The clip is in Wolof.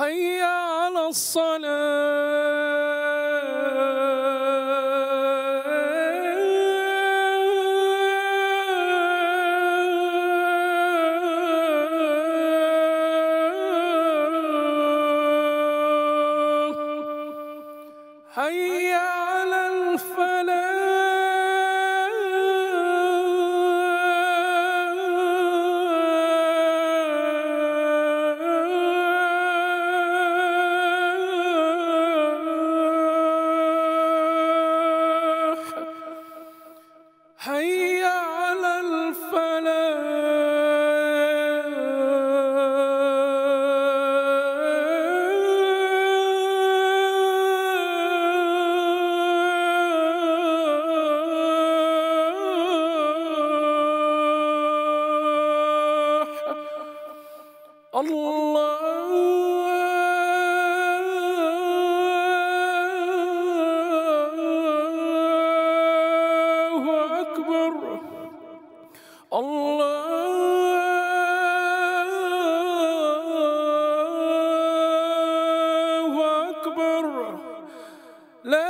حي على الصلاه حي على الفلاح la